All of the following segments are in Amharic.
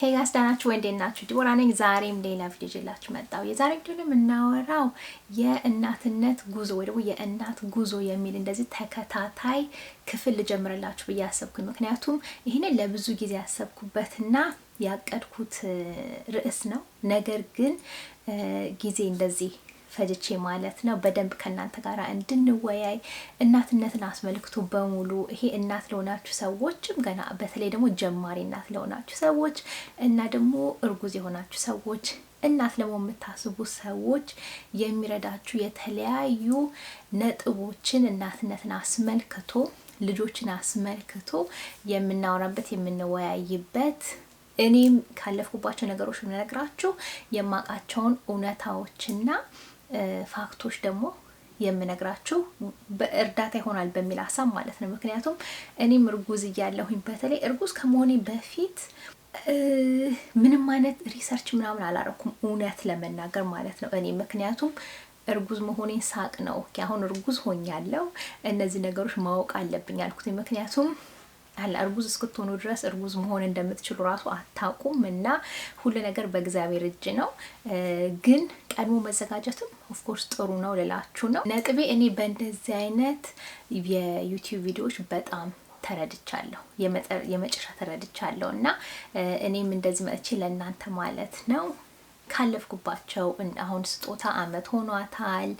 ሄይ ጋይስ ደህናችሁ ወይ? እንዴት ናችሁ? ዲቦራ ነኝ። ዛሬም ሌላ ቪዲዮ ይዤላችሁ መጣሁ። የዛሬ ቪዲዮ የምናወራው የእናትነት ጉዞ ወይ ደግሞ የእናት ጉዞ የሚል እንደዚህ ተከታታይ ክፍል ልጀምርላችሁ ብዬ አሰብኩኝ። ምክንያቱም ይህንን ለብዙ ጊዜ ያሰብኩበትና ያቀድኩት ርዕስ ነው። ነገር ግን ጊዜ እንደዚህ ፈጅቼ ማለት ነው በደንብ ከእናንተ ጋር እንድንወያይ እናትነትን አስመልክቶ በሙሉ ይሄ እናት ለሆናችሁ ሰዎችም ገና በተለይ ደግሞ ጀማሪ እናት ለሆናችሁ ሰዎች እና ደግሞ እርጉዝ የሆናችሁ ሰዎች እናት ለመሆን የምታስቡ ሰዎች የሚረዳችሁ የተለያዩ ነጥቦችን እናትነትን አስመልክቶ ልጆችን አስመልክቶ የምናወራበት የምንወያይበት እኔም ካለፍኩባቸው ነገሮች የምነግራችሁ የማውቃቸውን እውነታዎችና ፋክቶች ደግሞ የምነግራችሁ በእርዳታ ይሆናል በሚል ሀሳብ ማለት ነው። ምክንያቱም እኔም እርጉዝ እያለሁኝ በተለይ እርጉዝ ከመሆኔ በፊት ምንም አይነት ሪሰርች ምናምን አላረኩም፣ እውነት ለመናገር ማለት ነው። እኔ ምክንያቱም እርጉዝ መሆኔን ሳቅ ነው አሁን እርጉዝ ሆኛለሁ፣ እነዚህ ነገሮች ማወቅ አለብኝ አልኩት። ምክንያቱም አለ እርጉዝ እስክትሆኑ ድረስ እርጉዝ መሆን እንደምትችሉ ራሱ አታውቁም እና ሁሉ ነገር በእግዚአብሔር እጅ ነው። ግን ቀድሞ መዘጋጀትም ኦፍኮርስ ጥሩ ነው ልላችሁ ነው ነጥቤ። እኔ በእንደዚህ አይነት የዩቲዩብ ቪዲዮዎች በጣም ተረድቻለሁ፣ የመጨረሻ ተረድቻለሁ እና እኔም እንደዚህ መጥቼ ለእናንተ ማለት ነው ካለፍኩባቸው አሁን ስጦታ አመት ሆኗታል።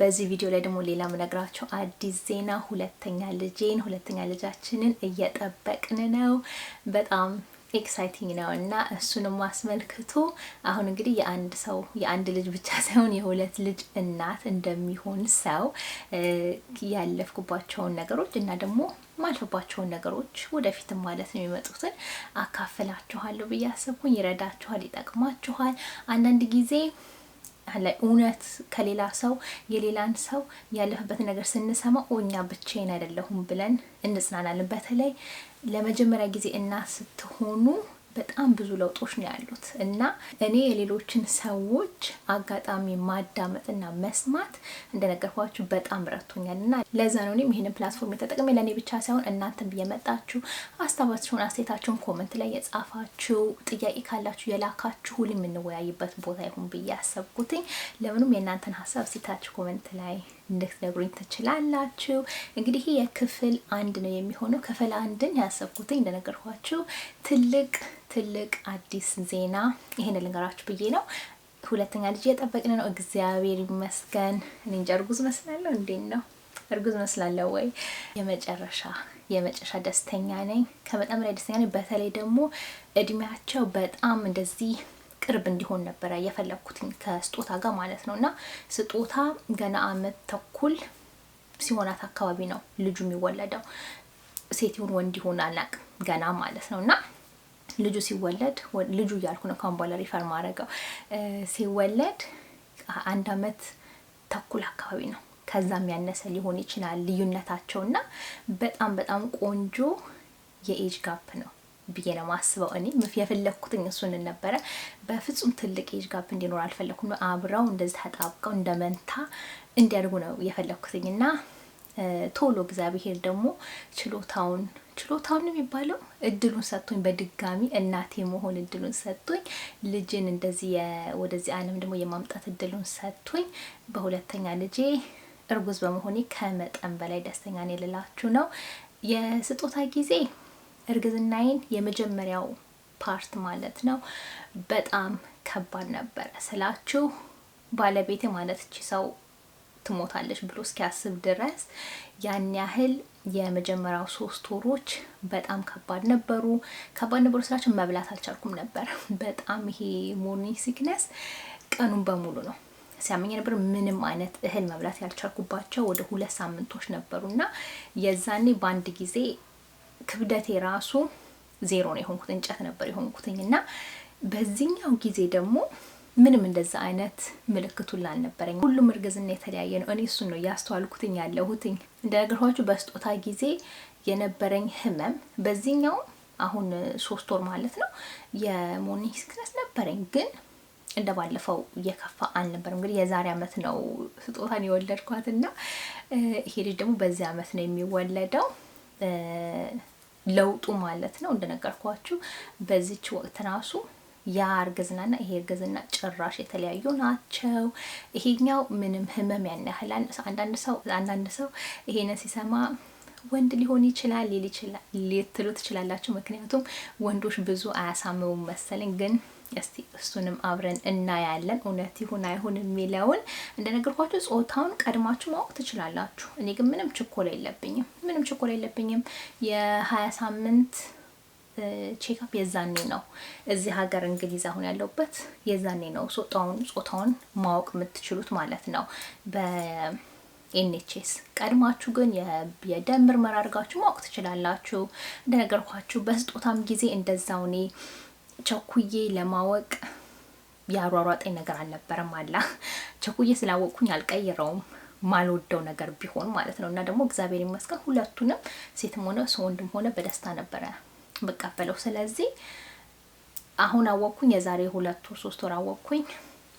በዚህ ቪዲዮ ላይ ደግሞ ሌላ ምነግራቸው አዲስ ዜና ሁለተኛ ልጄን ሁለተኛ ልጃችንን እየጠበቅን ነው። በጣም ኤክሳይቲንግ ነው እና እሱንም አስመልክቶ አሁን እንግዲህ የአንድ ሰው የአንድ ልጅ ብቻ ሳይሆን የሁለት ልጅ እናት እንደሚሆን ሰው ያለፍኩባቸውን ነገሮች እና ደግሞ ማልፈባቸውን ነገሮች ወደፊትም ማለት ነው የሚመጡትን አካፍላችኋለሁ ብዬ አሰብኩኝ። ይረዳችኋል፣ ይጠቅማችኋል። አንዳንድ ጊዜ እውነት ከሌላ ሰው የሌላን ሰው ያለፈበትን ነገር ስንሰማ እኛ ብቻዬን አይደለሁም ብለን እንጽናናለን። በተለይ ለመጀመሪያ ጊዜ እናት ስትሆኑ በጣም ብዙ ለውጦች ነው ያሉት እና እኔ የሌሎችን ሰዎች አጋጣሚ ማዳመጥና መስማት እንደነገርኳችሁ በጣም ረቶኛል እና ለዛ ነው እኔም ይህንን ፕላትፎርም የተጠቅሜ ለእኔ ብቻ ሳይሆን እናንተም እየመጣችሁ አስታባችሁን፣ አስተያየታችሁን ኮመንት ላይ የጻፋችሁ፣ ጥያቄ ካላችሁ የላካችሁ ሁሉ የምንወያይበት ቦታ ይሁን ብዬ ያሰብኩትኝ ለምንም የእናንተን ሀሳብ ሴታችሁ ኮመንት ላይ እንድትነግሩኝ ትችላላችሁ። እንግዲህ ይህ የክፍል አንድ ነው የሚሆነው። ክፍል አንድን ያሰብኩትኝ እንደነገርኳችሁ ትልቅ ትልቅ አዲስ ዜና ይሄን ልንገራችሁ ብዬ ነው። ሁለተኛ ልጅ እየጠበቅን ነው። እግዚአብሔር ይመስገን። እኔ እንጃ እርጉዝ መስላለሁ። እንዴት ነው እርጉዝ መስላለሁ ወይ? የመጨረሻ የመጨረሻ ደስተኛ ነኝ። ከመጠን ደስተኛ ነኝ። በተለይ ደግሞ እድሜያቸው በጣም እንደዚህ ቅርብ እንዲሆን ነበረ የፈለግኩትኝ ከስጦታ ጋር ማለት ነው። እና ስጦታ ገና አመት ተኩል ሲሆናት አካባቢ ነው ልጁ የሚወለደው። ሴት ይሁን ወንድ ይሁን አላቅም ገና ማለት ነው እና ልጁ ሲወለድ ልጁ እያልኩ ነው ካሁን በኋላ ሪፈር ማድረገው ሲወለድ አንድ አመት ተኩል አካባቢ ነው ከዛም ያነሰ ሊሆን ይችላል ልዩነታቸው እና በጣም በጣም ቆንጆ የኤጅ ጋፕ ነው ብዬ ነው ማስበው። እኔ የፈለግኩትኝ እሱን ነበረ። በፍጹም ትልቅ ኤጅ ጋፕ እንዲኖር አልፈለግኩም። አብረው እንደዚህ ተጣብቀው እንደ መንታ እንዲያድጉ ነው የፈለግኩትኝ እና ቶሎ እግዚአብሔር ደግሞ ችሎታውን ችሎታውን የሚባለው እድሉን ሰጥቶኝ በድጋሚ እናቴ መሆን እድሉን ሰጥቶኝ ልጅን እንደዚህ ወደዚህ ዓለም ደግሞ የማምጣት እድሉን ሰጥቶኝ በሁለተኛ ልጄ እርጉዝ በመሆኔ ከመጠን በላይ ደስተኛ ነኝ ልላችሁ ነው። የስጦታ ጊዜ እርግዝናዬን የመጀመሪያው ፓርት ማለት ነው በጣም ከባድ ነበረ ስላችሁ ባለቤቴ ማለት እቺ ሰው ትሞታለች ብሎ እስኪያስብ ድረስ ያን ያህል የመጀመሪያው ሶስት ወሮች በጣም ከባድ ነበሩ። ከባድ ነበሩ ስላችሁ መብላት አልቻልኩም ነበር። በጣም ይሄ ሞርኒንግ ሲክነስ ቀኑን በሙሉ ነው ሲያመኝ ነበር። ምንም አይነት እህል መብላት ያልቻልኩባቸው ወደ ሁለት ሳምንቶች እና የዛኔ በአንድ ጊዜ ክብደቴ ራሱ ዜሮ ነው የሆንኩት፣ እንጨት ነበር የሆንኩትኝ እና በዚህኛው ጊዜ ደግሞ ምንም እንደዛ አይነት ምልክቱ ላልነበረኝ ሁሉም እርግዝና የተለያየ ነው። እኔ እሱን ነው እያስተዋልኩትኝ ያለሁትኝ። እንደነገርኳችሁ በስጦታ ጊዜ የነበረኝ ህመም በዚህኛው አሁን ሶስት ወር ማለት ነው የሞርኒንግ ሲክነስ ነበረኝ፣ ግን እንደ ባለፈው እየከፋ አልነበረም። እንግዲህ የዛሬ አመት ነው ስጦታን የወለድኳት እና ይሄ ልጅ ደግሞ በዚህ አመት ነው የሚወለደው። ለውጡ ማለት ነው። እንደነገርኳችሁ በዚች ወቅት ራሱ ያ እርግዝናና ይሄ እርግዝና ጭራሽ የተለያዩ ናቸው። ይሄኛው ምንም ህመም ያን ያህል አንዳንድ ሰው አንዳንድ ሰው ይሄንን ሲሰማ ወንድ ሊሆን ይችላል ሊል ይችላል ልትሉ ትችላላችሁ። ምክንያቱም ወንዶች ብዙ አያሳምሙም መሰለኝ ግን እስቲ እሱንም አብረን እናያለን እውነት ይሁን አይሁን የሚለውን እንደነገርኳችሁ ጾታውን ቀድማችሁ ማወቅ ትችላላችሁ። እኔ ግን ምንም ችኮላ የለብኝም፣ ምንም ችኮላ የለብኝም። የሀያ ሳምንት ቼክአፕ የዛኔ ነው። እዚህ ሀገር እንግሊዝ አሁን ያለውበት የዛኔ ነው ጾታውን ጾታውን ማወቅ የምትችሉት ማለት ነው በኤንኤችኤስ። ቀድማችሁ ግን የደም ምርመራ አድርጋችሁ ማወቅ ትችላላችሁ። እንደነገርኳችሁ በስጦታም ጊዜ እንደዛው እኔ ቸኩዬ ለማወቅ ያሯሯጠኝ ነገር አልነበረም። አላ ቸኩዬ ስላወቅኩኝ አልቀይረውም ማልወደው ነገር ቢሆን ማለት ነው። እና ደግሞ እግዚአብሔር ይመስገን ሁለቱንም ሴትም ሆነ ሰው ወንድም ሆነ በደስታ ነበረ መቀበለው። ስለዚህ አሁን አወቅኩኝ፣ የዛሬ ሁለት ወር ሶስት ወር አወቅኩኝ፣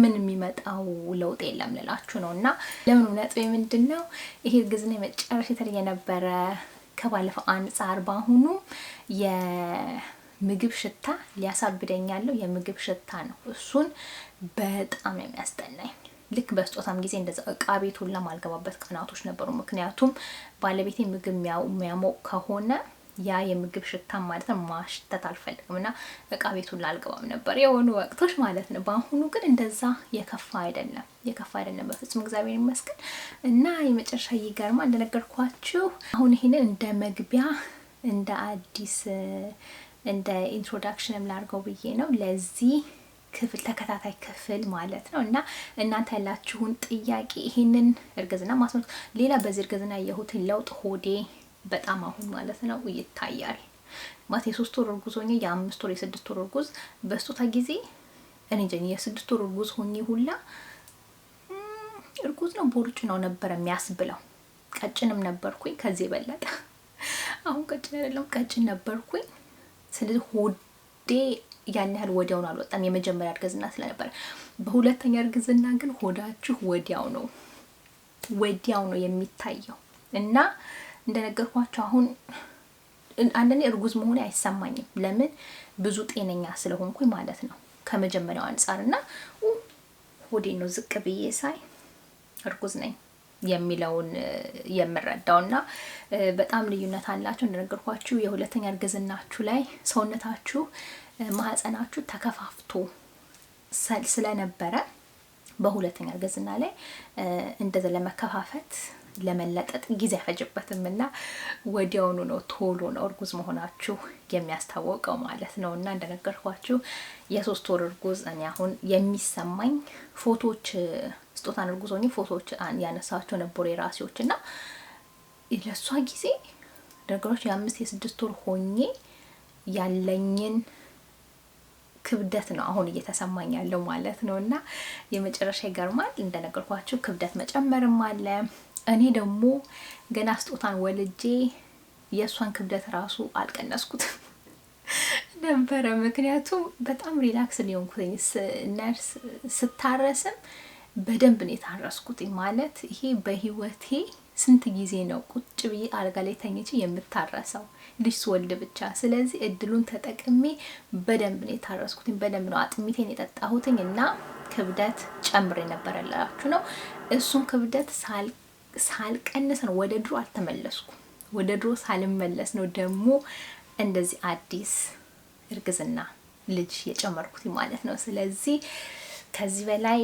ምን የሚመጣው ለውጥ የለም ልላችሁ ነው። እና ለምን ነጥ የምንድን ነው ይሄ እርግዝና የመጨረሻ የተለየ ነበረ ከባለፈው አንጻር በአሁኑ ምግብ ሽታ ሊያሳብደኛለው የምግብ ሽታ ነው። እሱን በጣም ነው የሚያስጠላኝ። ልክ በስጦታም ጊዜ እንደዛ እቃ ቤት ሁላ ቀናቶች ነበሩ። ምክንያቱም ባለቤቴ ምግብ የሚያሞቅ ከሆነ ያ የምግብ ሽታ ማለት ነው ማሽተት አልፈልግም እና እቃ ቤት ሁላ አልገባም ነበር የሆኑ ወቅቶች ማለት ነው። በአሁኑ ግን እንደዛ የከፋ አይደለም፣ የከፋ አይደለም በፍጹም እግዚአብሔር ይመስገን። እና የመጨረሻ ይገርማ እንደነገርኳችሁ አሁን ይሄንን እንደ መግቢያ እንደ አዲስ እንደ ኢንትሮዳክሽንም ላድርገው ብዬ ነው ለዚህ ክፍል ተከታታይ ክፍል ማለት ነው። እና እናንተ ያላችሁን ጥያቄ ይሄንን እርግዝና ማስመልከት፣ ሌላ በዚህ እርግዝና ያየሁትን ለውጥ ሆዴ በጣም አሁን ማለት ነው ይታያል። ማለት የሶስት ወር እርጉዝ ሆኜ የአምስት ወር የስድስት ወር እርጉዝ በስጦታ ጊዜ እኔ የስድስት ወር እርጉዝ ሆኜ ሁላ እርጉዝ ነው ቦርጭ ነው ነበረ የሚያስብለው። ቀጭንም ነበርኩኝ ከዚህ የበለጠ አሁን ቀጭን አይደለም ቀጭን ነበርኩኝ ስለዚህ ሆዴ ያን ያህል ወዲያውን አልወጣም። የመጀመሪያ እርግዝና ስለነበረ፣ በሁለተኛ እርግዝና ግን ሆዳችሁ ወዲያው ነው ወዲያው ነው የሚታየው እና እንደነገርኳቸው አሁን አንደኔ እርጉዝ መሆኔ አይሰማኝም። ለምን ብዙ ጤነኛ ስለሆንኩኝ ማለት ነው ከመጀመሪያው አንጻር እና ሆዴ ነው ዝቅ ብዬ ሳይ እርጉዝ ነኝ። የሚለውን የምረዳው እና በጣም ልዩነት አላቸው። እንደነገርኳችሁ የሁለተኛ እርግዝናችሁ ላይ ሰውነታችሁ ማህፀናችሁ ተከፋፍቶ ስለነበረ በሁለተኛ እርግዝና ላይ እንደዛ ለመከፋፈት ለመለጠጥ ጊዜ አይፈጅበትም እና ወዲያውኑ ነው ቶሎ ነው እርጉዝ መሆናችሁ የሚያስታወቀው ማለት ነው። እና እንደነገርኳችሁ የሶስት ወር እርጉዝ እኔ አሁን የሚሰማኝ ፎቶዎች ስጦታ እርጉዝ ሆኜ ፎቶዎች ያነሳቸው ነበሩ የራሴዎች እና ለእሷ ጊዜ ነገሮች የአምስት የስድስት ወር ሆኜ ያለኝን ክብደት ነው አሁን እየተሰማኝ ያለው ማለት ነው። እና የመጨረሻ ይገርማል እንደነገርኳችሁ ክብደት መጨመርም አለ። እኔ ደግሞ ገና ስጦታን ወልጄ የእሷን ክብደት ራሱ አልቀነስኩትም ነበረ። ምክንያቱም በጣም ሪላክስ ሊሆንኩኝ ነርስ ስታረስም በደንብ ነው የታረስኩት። ማለት ይሄ በህይወቴ ስንት ጊዜ ነው ቁጭ ብዬ አልጋ ላይ ተኝቼ የምታረሰው ልጅ ስወልድ ብቻ። ስለዚህ እድሉን ተጠቅሜ በደንብ ነው የታረስኩትኝ። በደንብ ነው አጥሚቴን የጠጣሁትኝ እና ክብደት ጨምር የነበረላችሁ ነው። እሱን ክብደት ሳልቀንስ ነው ወደ ድሮ አልተመለስኩም። ወደ ድሮ ሳልመለስ ነው ደግሞ እንደዚህ አዲስ እርግዝና ልጅ የጨመርኩት ማለት ነው። ስለዚህ ከዚህ በላይ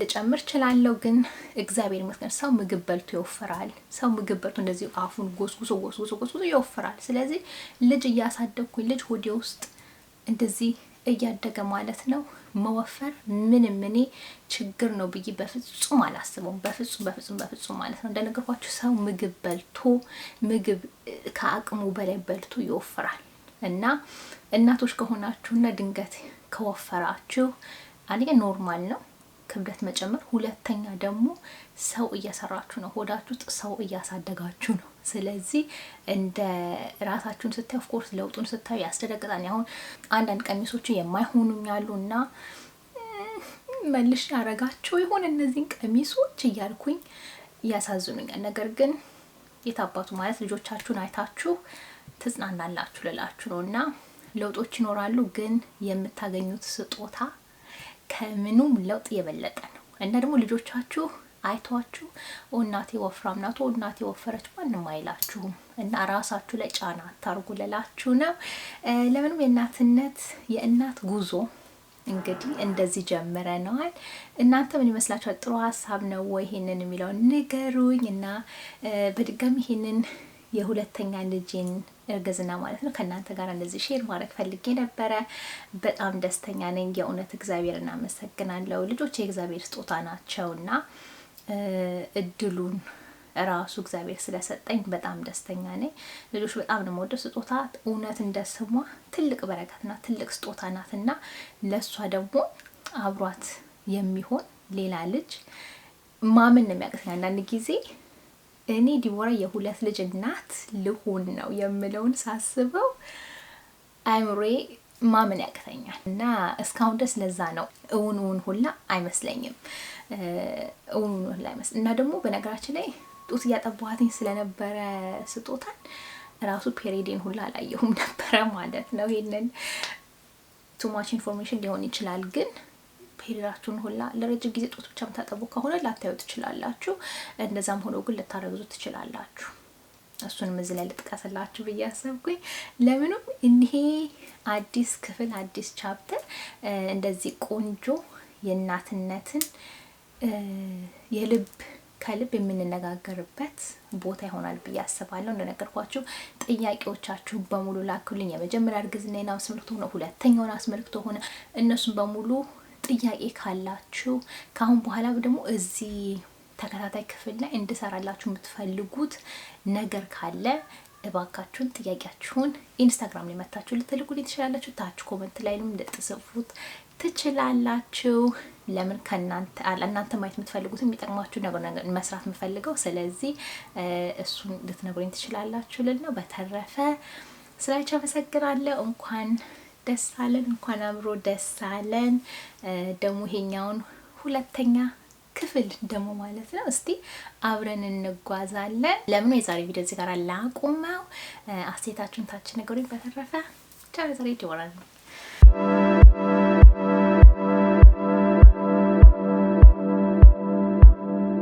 ልጨምር እችላለሁ። ግን እግዚአብሔር ይመስገን ሰው ምግብ በልቶ ይወፍራል። ሰው ምግብ በልቶ እንደዚሁ አፉን ጎስጉሶ ጎስጉሶ ጎስጉሶ ይወፍራል። ስለዚህ ልጅ እያሳደግኩኝ ልጅ ሆዴ ውስጥ እንደዚህ እያደገ ማለት ነው። መወፈር ምንም እኔ ችግር ነው ብዬ በፍጹም አላስበውም። በፍጹም በፍጹም በፍጹም ማለት ነው። እንደነገርኳችሁ ሰው ምግብ በልቶ ምግብ ከአቅሙ በላይ በልቶ ይወፍራል። እና እናቶች ከሆናችሁና ድንገት ከወፈራችሁ አንዴ ኖርማል ነው ክብደት መጨመር፣ ሁለተኛ ደግሞ ሰው እየሰራችሁ ነው። ሆዳችሁ ውስጥ ሰው እያሳደጋችሁ ነው። ስለዚህ እንደ ራሳችሁን ስታዩ ኦፍኮርስ ለውጡን ስታዩ ያስደነግጣል። አሁን አንዳንድ ቀሚሶቹ የማይሆኑም ያሉ እና መልሽ ያረጋቸው ይሆን እነዚህን ቀሚሶች እያልኩኝ ያሳዝኑኛል። ነገር ግን የታባቱ ማለት ልጆቻችሁን አይታችሁ ትጽናናላችሁ ልላችሁ ነው እና ለውጦች ይኖራሉ ግን የምታገኙት ስጦታ ከምኑም ለውጥ የበለጠ ነው እና ደግሞ ልጆቻችሁ አይቷችሁ እናቴ ወፍራም ናት፣ እናቴ ወፈረች ማንም አይላችሁም እና ራሳችሁ ላይ ጫና አታርጉ ልላችሁ ነው። ለምንም የእናትነት የእናት ጉዞ እንግዲህ እንደዚህ ጀምረነዋል። እናንተ ምን ይመስላችኋል? ጥሩ ሀሳብ ነው ወይ? ይሄንን የሚለውን ንገሩኝ እና በድጋሚ ይሄንን የሁለተኛ ልጅን እርግዝና ማለት ነው። ከእናንተ ጋር እንደዚህ ሼር ማድረግ ፈልጌ ነበረ። በጣም ደስተኛ ነኝ። የእውነት እግዚአብሔር እናመሰግናለሁ። ልጆች የእግዚአብሔር ስጦታ ናቸው እና እድሉን ራሱ እግዚአብሔር ስለሰጠኝ በጣም ደስተኛ ነኝ። ልጆች በጣም ነው የምወደው። ስጦታ እውነት እንደ ስሟ ትልቅ በረከትና ትልቅ ስጦታ ናት እና ለእሷ ደግሞ አብሯት የሚሆን ሌላ ልጅ ማምን ነው የሚያቅተኝ አንዳንድ ጊዜ እኔ ዲቦራ የሁለት ልጅ እናት ልሁን ነው የምለውን ሳስበው አይምሮዬ ማመን ያቅተኛል እና እስካሁን ድረስ ለዛ ነው እውን እውን ሁላ አይመስለኝም። እውን እውን ሁላ አይመስለኝ እና ደግሞ በነገራችን ላይ ጡት እያጠባኋትኝ ስለነበረ ስጦታን ራሱ ፔሬዴን ሁላ አላየሁም ነበረ ማለት ነው። ይሄንን ቱማች ኢንፎርሜሽን ሊሆን ይችላል ግን ሂደራችሁን ሁላ ለረጅም ጊዜ ጡት ብቻ የምታጠቡ ከሆነ ላታዩ ትችላላችሁ። እንደዛም ሆኖ ግን ልታረግዙ ትችላላችሁ። እሱንም እዚህ ላይ ልጥቀስላችሁ ብዬ አሰብኩኝ። ለምንም እኒሄ አዲስ ክፍል አዲስ ቻፕተር እንደዚህ ቆንጆ የእናትነትን የልብ ከልብ የምንነጋገርበት ቦታ ይሆናል ብዬ አስባለሁ። እንደነገርኳችሁ ጥያቄዎቻችሁ በሙሉ ላክሉኝ። የመጀመሪያ እርግዝናን አስመልክቶ ሆነ፣ ሁለተኛውን አስመልክቶ ሆነ እነሱን በሙሉ ጥያቄ ካላችሁ ከአሁን በኋላ ደግሞ እዚህ ተከታታይ ክፍል ላይ እንድሰራላችሁ የምትፈልጉት ነገር ካለ እባካችሁን ጥያቄያችሁን ኢንስታግራም ላይ መታችሁ ልትልኩልኝ ትችላላችሁ። ታች ኮመንት ላይ ላይም ልትጽፉት ትችላላችሁ። ለምን ከእናንተ እናንተ ማየት የምትፈልጉት የሚጠቅማችሁ ነገር መስራት የምፈልገው ስለዚህ እሱን ልትነግሩኝ ትችላላችሁ። ልና በተረፈ ስላችሁ አመሰግናለሁ። እንኳን ደስ አለን። እንኳን አብሮ ደስ አለን። ደግሞ ይሄኛውን ሁለተኛ ክፍል ደግሞ ማለት ነው። እስቲ አብረን እንጓዛለን። ለምኑ የዛሬ ቪዲዮ እዚህ ጋር ላቁመው። አስተያየታችሁን ታች ነገሩኝ። በተረፈ ቻው። የዛሬ ይጀወራል።